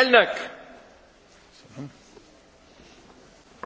elnök!